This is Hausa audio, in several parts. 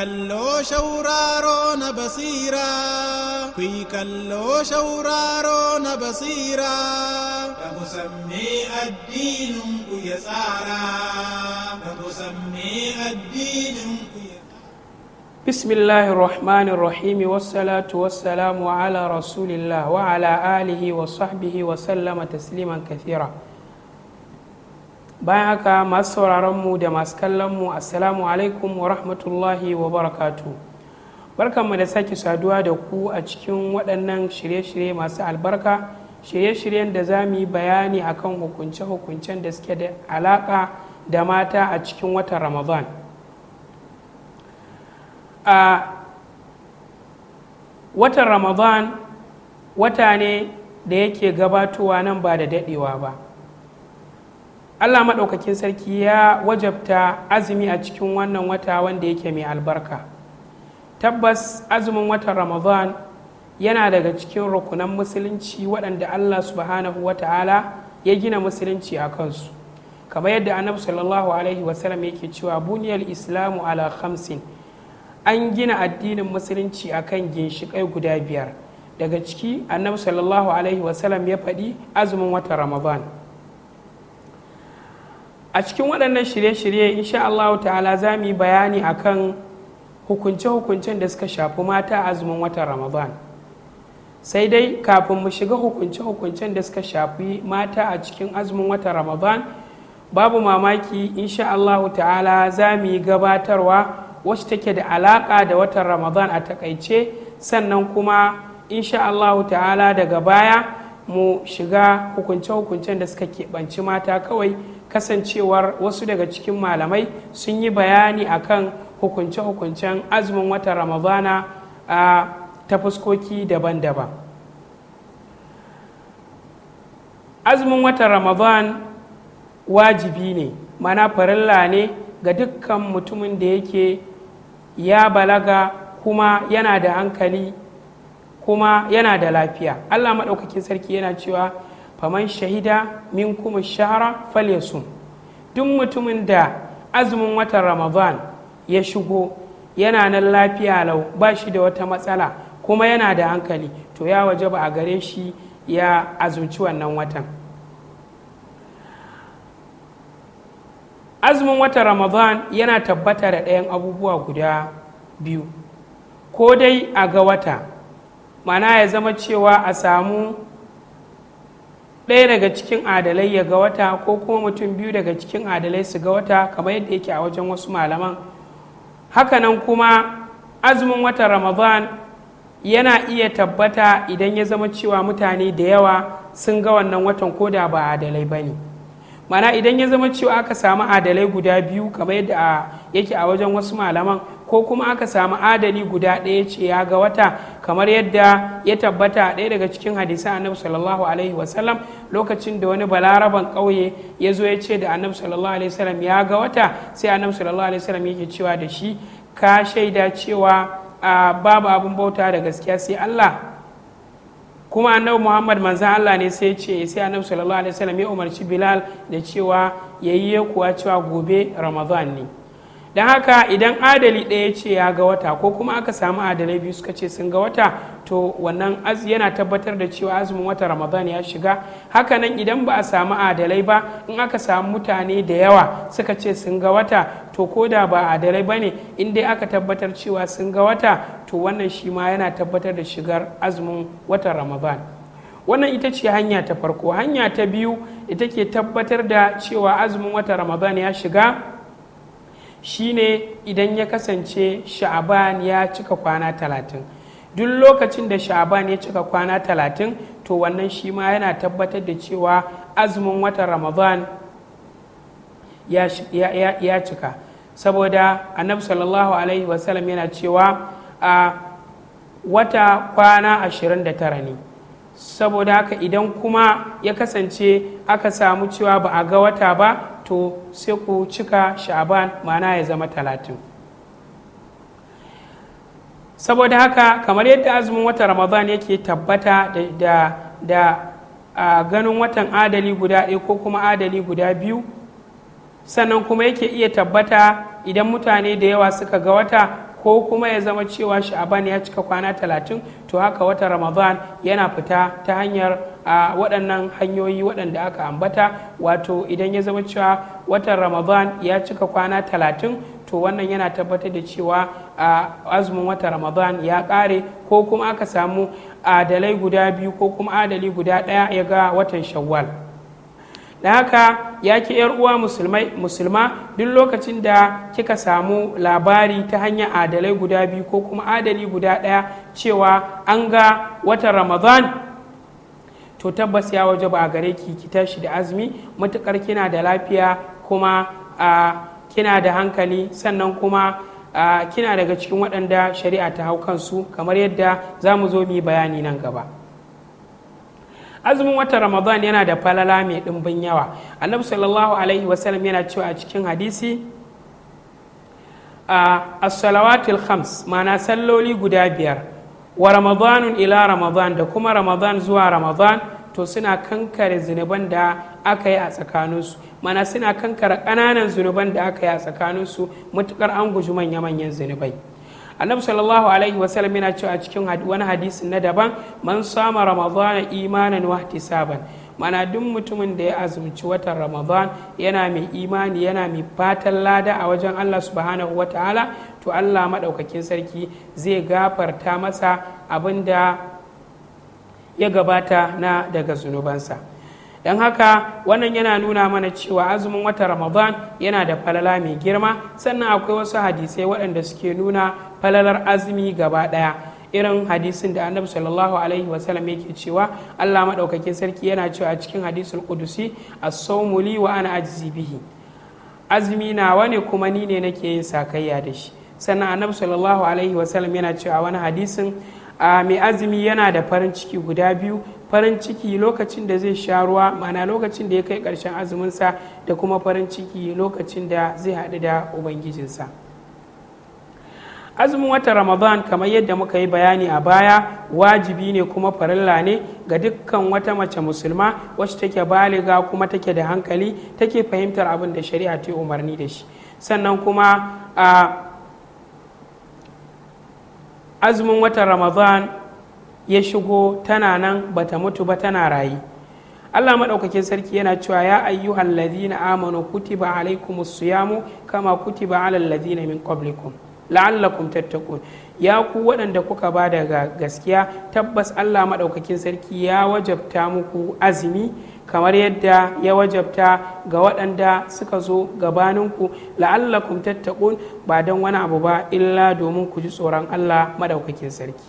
kalloo shawraaroo na basiiraa kuyi kalloo shawraaroo na basiiraa kamusammee addiinuun kuyya saaraa kamusammee addiinuun بسم الله الرحمن الرحيم والصلاة والسلام على رسول الله وعلى آله وصحبه وسلم تسليما كثيرا bayan haka masu sauraronmu da masu kallonmu assalamu alaikum wa rahmatullahi wa barakatu barkanmu da sake saduwa da ku a cikin waɗannan shirye-shirye masu albarka shirye-shiryen da za mu yi bayani akan hukunce-hukuncen da suke da alaƙa da mata a cikin watan ramadan a watan ramadan wata ne da yake gabatowa nan ba da daɗewa ba allah maɗaukakin sarki ya wajabta azumi a cikin wannan wata wanda yake mai albarka tabbas azumin watan ramadan yana daga cikin rukunan musulunci waɗanda allah subhanahu wa ta'ala ya gina musulunci a kansu kamar yadda annabi sallallahu alaihi wasallam yake cewa buniyar islamu ala khamsin an gina addinin musulunci akan ginshiƙai guda biyar daga ciki annabi sallallahu alaihi wasallam ya faɗi azumin watan ramadan a cikin waɗannan shirye-shirye insha Allah ta'ala za mu yi bayani a kan hukunce-hukuncen da suka shafi mata azumin watan ramadan sai dai kafin mu shiga hukunce-hukuncen da suka shafi mata a cikin azumin watan ramadan babu mamaki insha Allah ta'ala za mu yi gabatarwa wacce take da alaƙa da watan ramadan a takaice sannan kuma insha Allah ta'ala daga baya mu shiga hukunce-hukuncen da suka keɓanci mata kawai kasancewar wasu daga cikin malamai sun yi bayani akan hukunce-hukuncen azumin watan ramadana a ta fuskoki daban-daban azumin watan ramadan wajibi ne mana farilla ne ga dukkan mutumin da yake ya balaga kuma yana da hankali kuma yana da lafiya allah maɗaukakin sarki yana cewa faman shahida min kuma shahara falyasun duk mutumin da azumin watan ramadan ya shigo yana nan lafiya lau ba shi da wata matsala kuma yana da hankali to ya waje ba a gare shi ya azumci wannan watan azumin watan ramadan yana tabbata da ɗayan abubuwa guda biyu ko dai a ga wata mana ya zama cewa a samu ɗaya daga cikin adalai ya ga wata ko kuma mutum biyu daga cikin adalai su ga wata kamar yadda yake a wajen wasu malaman hakanan kuma azumin watan ramadan yana iya tabbata idan ya zama cewa mutane da yawa sun ga wannan watan ko da ba adalai ba ne mana idan ya zama cewa aka samu adalai guda biyu kamar yadda yake a wajen wasu malaman ko kuma aka samu adali guda ɗaya ce ya ga wata kamar yadda ya tabbata ɗaya daga cikin hadisa annabi sallallahu alaihi wasallam lokacin da wani balaraban ƙauye ya zo ya ce da annabi sallallahu alaihi wasallam ya ga wata sai annabi sallallahu alaihi wasallam yake cewa da shi ka shaida cewa babu abin bauta da gaskiya sai Allah kuma annabi muhammad manzan allah ne sai ce sai annabi sallallahu alaihi wasallam ya umarci bilal da cewa yayi kuwa cewa gobe ramadan ne don haka idan adali ɗaya ce ya ga wata ko kuma aka samu adalai biyu suka ce sun ga wata to wannan az yana tabbatar da cewa azumin wata ramadan ya shiga hakanan idan ba a samu adalai ba in aka samu mutane da yawa suka ce sun ga wata to ko da ba adalai ba ne in dai aka tabbatar cewa sun ga wata to wannan shi ma yana tabbatar da shigar azumin wata ramadan wannan ita ce hanya ta farko hanya ta biyu ita ke tabbatar da cewa azumin wata ramadan ya shiga Shi ne idan ya kasance sha'aban ya cika kwana talatin duk lokacin da sha'aban ya cika kwana talatin to wannan shi ma yana tabbatar da cewa azumin watan ramadan ya, cika saboda annabi sallallahu alaihi wasallam yana cewa a wata kwana tara ne saboda haka idan kuma ya kasance aka samu cewa ba a ga wata ba to sai ku cika sha'aban mana ya zama talatin saboda haka kamar yadda azumin wata ramadan yake tabbata da, da, a ganin watan adali guda ɗaya ko kuma adali guda biyu sannan kuma yake iya tabbata idan mutane da yawa suka ga wata ko kuma ya zama cewa sha'aban ya cika kwana talatin to haka wata ramadan yana fita ta hanyar a waɗannan hanyoyi waɗanda aka ambata wato idan ya zama cewa watan ramadan ya cika kwana talatin to wannan yana tabbatar da cewa a azumin watan ramadan ya ƙare ko kuma aka samu adalai guda biyu ko kuma adali guda ɗaya ya ga watan shawwal da haka ya ki uwa musulma duk lokacin da kika samu labari ta hanyar adalai guda biyu ko kuma adali guda ɗaya cewa an ga watan ramadan to tabbas ya waje ba a gare ki ki tashi da azumi matukar kina da lafiya kuma kina da hankali sannan kuma kina daga cikin waɗanda shari'a ta hau kansu kamar yadda za mu zo mu yi bayani nan gaba azumin watan ramadan yana da falala mai ɗimbin yawa annabi sallallahu alaihi wasallam yana cewa a cikin hadisi A salawatul khams ma'ana salloli guda biyar wa ramadanun ila ramadan da kuma ramadan zuwa ramadan to suna kankare zunuban da aka yi a tsakaninsu mana suna kankare kananan zunuban da aka yi a tsakaninsu matuƙar an guji manya-manyan zunubai annabi sallallahu alaihi wasallam yana cewa a cikin wani hadisi na daban man sama ramadan imanan wa ihtisaban mana duk mutumin da ya azumci watan ramadan yana mai imani yana mai fatan lada a wajen allah subhanahu wa ta'ala to allah maɗaukakin sarki zai gafarta masa abin da ya gabata na daga zunubansa don haka wannan yana nuna mana cewa azumin wata ramadan yana da falala mai girma sannan akwai wasu hadisai waɗanda suke nuna falalar azumi gaba ɗaya irin hadisin da annabi sallallahu alaihi wasallam yake cewa Allah maɗaukakin sarki yana cewa a cikin hadisul qudusi as-sawmu wa ana ajzi bihi Azumi nawa ne kuma ni ne nake yin sakayya da shi sannan annabi sallallahu alaihi wasallam yana cewa wani hadisin a mai azumi yana da farin ciki guda biyu farin ciki lokacin da zai sha ruwa mana lokacin da ya kai karshen azuminsa da kuma farin ciki lokacin da zai haɗu da ubangijinsa azumin watan ramadan kamar yadda muka yi bayani a baya wajibi ne kuma farilla ne ga dukkan wata mace musulma wacce take baliga kuma take da hankali take fahimtar abin da shari'a ta umarni da shi sannan kuma a azumin watan ramadan ya shigo tana nan bata mutu ba tana rayu allah maɗaukakin sarki yana cewa ya ayyuhal ladina amanu kutiba alaikumus siyamu kama kutiba alal ladina min qablikum la'allakum tattaqun ya ku waɗanda kuka ba daga gaskiya tabbas allah maɗaukakin sarki ya wajabta muku azumi kamar yadda ya wajabta ga waɗanda suka zo gabaninku la'allakum tattaqun ba don wani abu ba illa domin ku ji tsoron Allah madaukakin sarki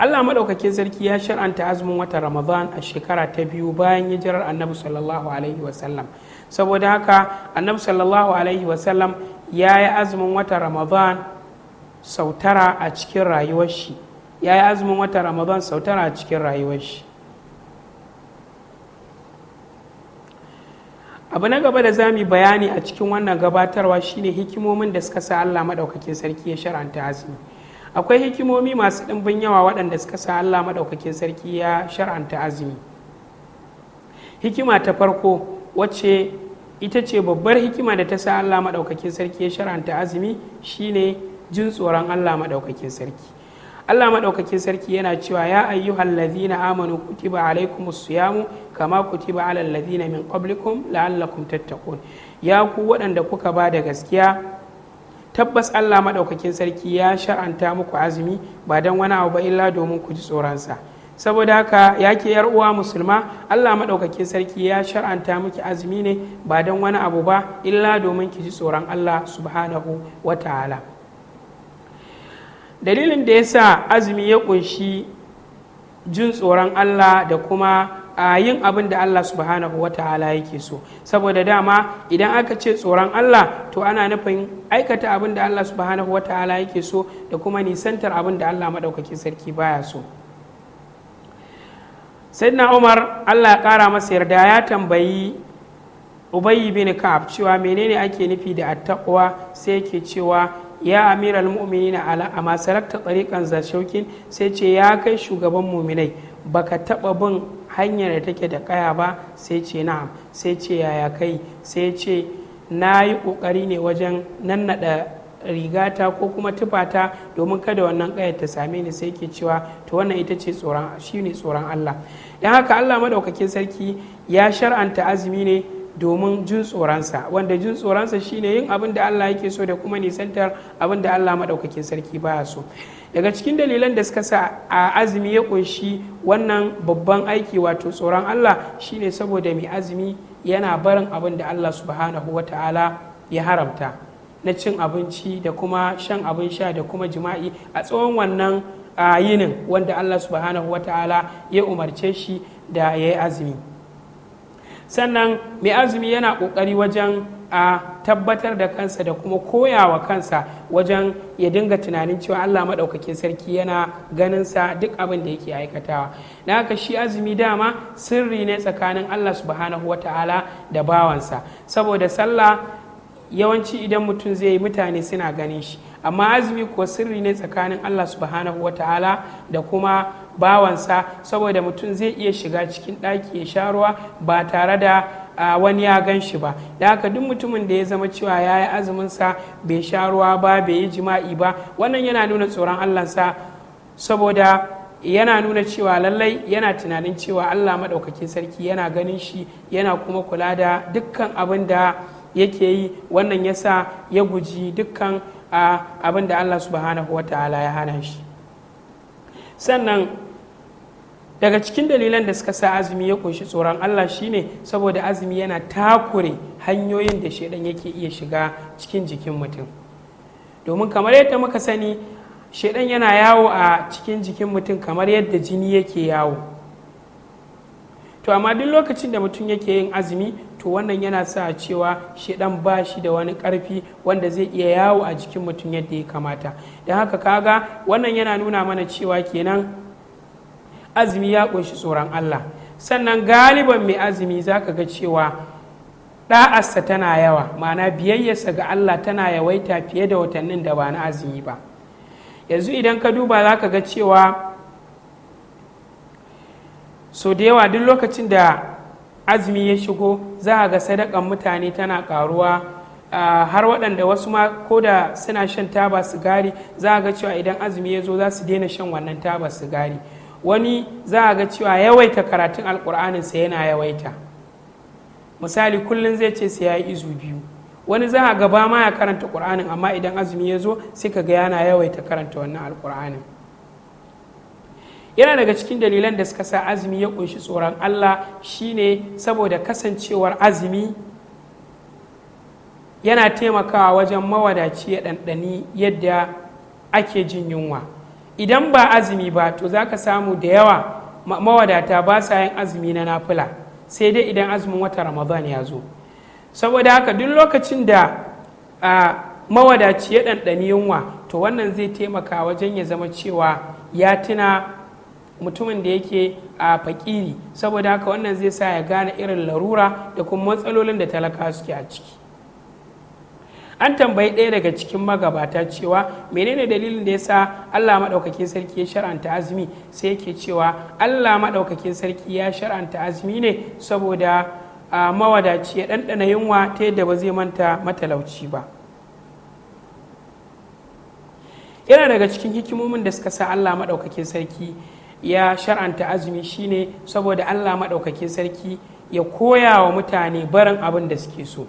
Allah madaukakin sarki ya shar'anta azumin watan Ramadan a shekara ta biyu bayan hijirar Annabi sallallahu alaihi wasallam saboda haka Annabi sallallahu alaihi wasallam ya yi azumin watan Ramadan sautara a cikin rayuwar shi ya yi azumin watan Ramadan sautara a cikin rayuwar shi abu na gaba da zamu bayani a cikin wannan gabatarwa shine hikimomin da suka sa Allah madaukakin sarki ya shar'anta azumi akwai hikimomi masu ɗimbin yawa waɗanda suka sa Allah madaukakin sarki ya shar'anta azumi hikima ta farko wacce ita ce babbar hikima da ta sa Allah madaukakin sarki ya shar'anta azumi shine jin tsoron Allah madaukakin sarki Allah maɗaukakin sarki yana cewa ya ayyuhal hallazina amanu kutiba alaikumus siyamu kama kutiba alal Ladina min qablikum la'allakum tattaqun ya ku waɗanda kuka ba da gaskiya tabbas Allah maɗaukakin sarki ya shar'anta muku azumi ba don wani abu ba illa domin ku ji tsoronsa saboda haka ya ke yar uwa musulma Allah maɗaukakin sarki ya shar'anta miki azumi ne ba dan wani abu ba illa domin ki ji tsoron Allah subhanahu wa ta'ala dalilin da ya sa azumi ya kunshi jin tsoron allah da kuma a yin abin da allah subhanahu wa ta'ala yake so saboda dama idan aka ce tsoron allah to ana nufin aikata abin da allah subhanahu wa ta'ala yake so da kuma nisantar abin da allah maɗaukakin sarki baya so na umar allah ya ƙara masa yarda ya tambayi ubayi bin ka'ab cewa menene ake nufi da attaqwa sai yake cewa ya amiral na ala amma sarakta tsarikan zashaukin sai ce ya kai shugaban muminai baka taba bin hanyar da take da kaya ba sai ce na'am sai ce yaya kai sai ce na yi kokari ne wajen nannaɗa rigata ko kuma tufata domin kada wannan kayar ta same ni sai ke cewa to wannan ita ce tsoron shi ne tsoron Allah don haka Allah madaukakin sarki ya shar'anta azumi ne domin jin tsoronsa wanda jin tsoronsa shine yin abin da Allah yake so da kuma nisantar abin da Allah maɗaukakin sarki baya so daga cikin dalilan da suka sa a azumi ya kunshi wannan babban aiki wato tsoron Allah shine saboda mai azumi yana barin abin da Allah subhanahu wa ta'ala ya haramta na cin abinci da kuma shan abin sha da kuma jima'i a tsawon wannan yinin wanda Allah subhanahu wa ta'ala ya umarce shi da ya yi azumi sannan mai azumi yana kokari wajen a tabbatar da kansa da kuma koyawa kansa wajen ya dinga tunanin cewa allah maɗaukakin sarki yana ganin sa duk abin da yake aikatawa na haka shi azumi dama sirri ne tsakanin allah subhanahu wata'ala da bawansa saboda sallah yawanci idan mutum zai yi mutane suna ganin shi amma azumi ko sirri ne tsakanin allah subhanahu wata'ala da kuma bawansa saboda mutum zai iya shiga cikin ɗaki ya sha ruwa ba tare da wani ya gan shi ba da haka duk mutumin da ya zama cewa ya yi azuminsa bai sha ruwa ba bai yi jima'i ba wannan yana nuna tsoron allahnsa saboda yana nuna cewa lallai yana tunanin cewa allah maɗaukakin sarki yana ganin shi yana kuma kula da dukkan abin da yake yi wannan ya sa ya guji dukkan abin da allah subhanahu wa ta'ala ya hana shi sannan daga cikin dalilan da suka sa azumi ya kunshi tsoron Allah shine saboda azumi yana takure hanyoyin da shaidan yake iya shiga cikin jikin mutum domin kamar yadda muka sani shaidan yana yawo a cikin jikin mutum kamar yadda jini yake yawo to amma duk lokacin da mutum yake yin azumi to wannan yana sa cewa shaidan ba shi da wani karfi wanda zai iya yawo a jikin mutum yadda ya kamata don haka kaga wannan yana nuna mana cewa kenan azumi ya ƙunshi tsoron Allah sannan galiban mai azumi za ka ga cewa ɗa'arsa tana yawa ma'ana biyayyarsa ga Allah tana yawaita fiye da watannin da ba na azumi ba yanzu idan ka duba za ka ga cewa so da yawa duk lokacin da azumi ya shigo za a ga sadakan mutane tana karuwa har waɗanda wasu ma ko da suna shan taba sigari za a ga cewa idan azumi ya zo za su daina shan wannan taba sigari wani za a ga cewa yawaita karatun alkur'anin sa yana yawaita misali kullum zai ce sai ya yi izu biyu wani za a gaba ma ya karanta ƙur'anin amma idan azumi ya zo sai ka ga yana yawaita karanta wannan alkur'anin yana daga cikin dalilan da suka sa azumi ya ƙunshi tsoron allah shine saboda kasancewar azumi yana taimakawa wajen mawadaci ya ɗanɗani yadda ake jin yunwa idan ba azumi ba to za ka samu da yawa mawadata ba sa yin azumi na nafila sai dai idan azumin wata ramadan ya zo saboda haka duk lokacin da mawadaci ya ɗanɗani yunwa to wannan zai taimaka wajen ya zama cewa ya tuna mutumin da yake a fakiri saboda haka wannan zai sa ya gane irin larura da kuma matsalolin da talaka suke a ciki an tambayi ɗaya daga cikin magabata cewa menene dalilin da ya sa Allah maɗaukakin sarki ya shar'anta azumi sai yake cewa Allah maɗaukakin sarki ya shar'anta azumi ne saboda mawadaci ya ɗanɗana yunwa ta yadda ba zai manta matalauci ba yana daga cikin hikimomin da suka sa Allah maɗaukakin sarki ya shar'anta azumi shine saboda Allah maɗaukakin sarki ya koya wa mutane barin abin da suke so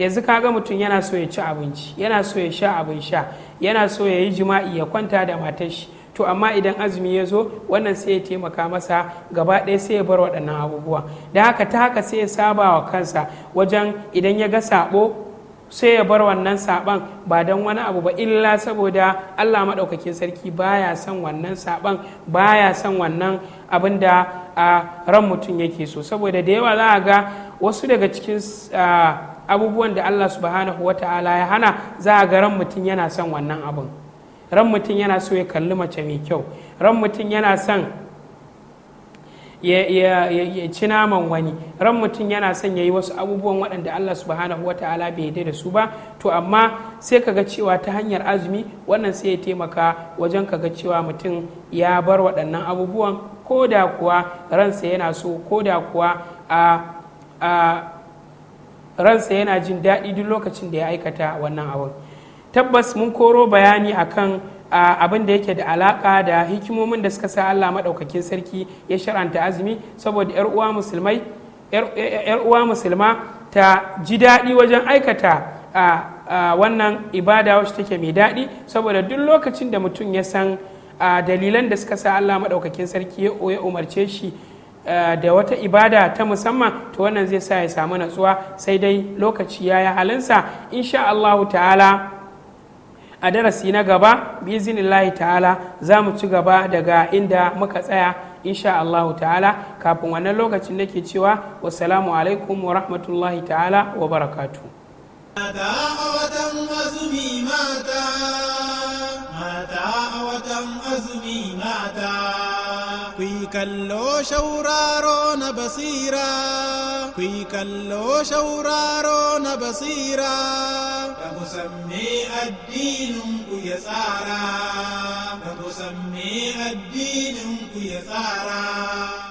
yanzu kaga mutum yana so ya ci abinci yana so ya sha abin sha yana so ya yi jima'i ya kwanta da matar shi to amma idan azumi ya zo wannan sai ya taimaka masa gaba ɗaya sai ya bar waɗannan abubuwa da haka ta haka sai ya saba wa kansa wajen idan ya ga saɓo sai ya bar wannan saban ba don wani abu ba illa saboda Allah maɗaukakin sarki baya son wannan saban baya son wannan abin da ran mutum yake so saboda da yawa za a ga wasu daga cikin abubuwan da Allah subhanahu wa ta'ala ya hana za a ga ran mutum yana son wannan abin ran mutum yana so ya kalli mace mai kyau ran mutum yana son ya ci naman wani ran mutum yana son ya yi wasu abubuwan waɗanda Allah subhanahu wa ta'ala bai yarda da su ba to amma sai ka ga cewa ta hanyar azumi wannan sai ya taimaka wajen ka ga cewa mutum ya bar waɗannan abubuwan ko da kuwa ransa yana so ko da kuwa a ransa yana jin daɗi duk lokacin da ya aikata wannan abin tabbas mun koro bayani akan abin da yake da alaka da hikimomin da suka sa Allah maɗaukakin sarki ya shar'anta azumi saboda yar uwa musulmai yar uwa musulma ta ji daɗi wajen aikata wannan ibada wacce take mai daɗi saboda duk lokacin da mutum ya san dalilan da suka sa Allah maɗaukakin sarki ya umarce shi Eh, da wata ibada ta musamman to wannan zai sa ya samu natsuwa sai dai lokaci ya yi halinsa insha Allahu ta'ala a darasi na gaba lahi ta'ala za mu ci gaba daga inda muka tsaya insha Allahu ta'ala kafin wannan lokacin nake cewa wasalamu alaikum wa rahmatullahi ta'ala wa barakatu mata a watan azumi mata kalloo shawraa roona basiiraa kuyi kalloo shawraa roona basiiraa kamusammee addiinuun kuyya saaraa kamusammee addiinuun kuyya saaraa